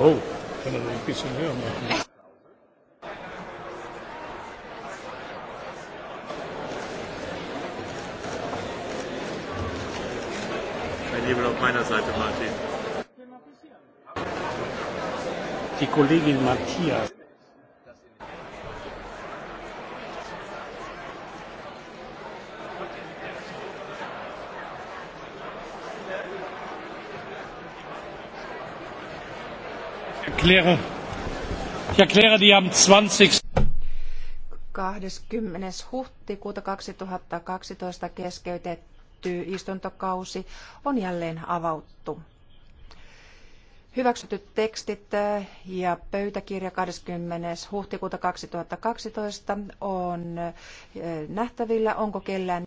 Oh, sono dell'ufficio mio. Ein Nebel auf meiner Seite, Martin. Die Kollegin Matthias. erkläre, ich erkläre die am 20. 20. huhtikuuta 2012 keskeytetty istuntokausi on jälleen avauttu. Hyväksytyt tekstit eh, ja pöytäkirja 20. huhtikuuta 2012 on eh, nähtävillä. Onko kellään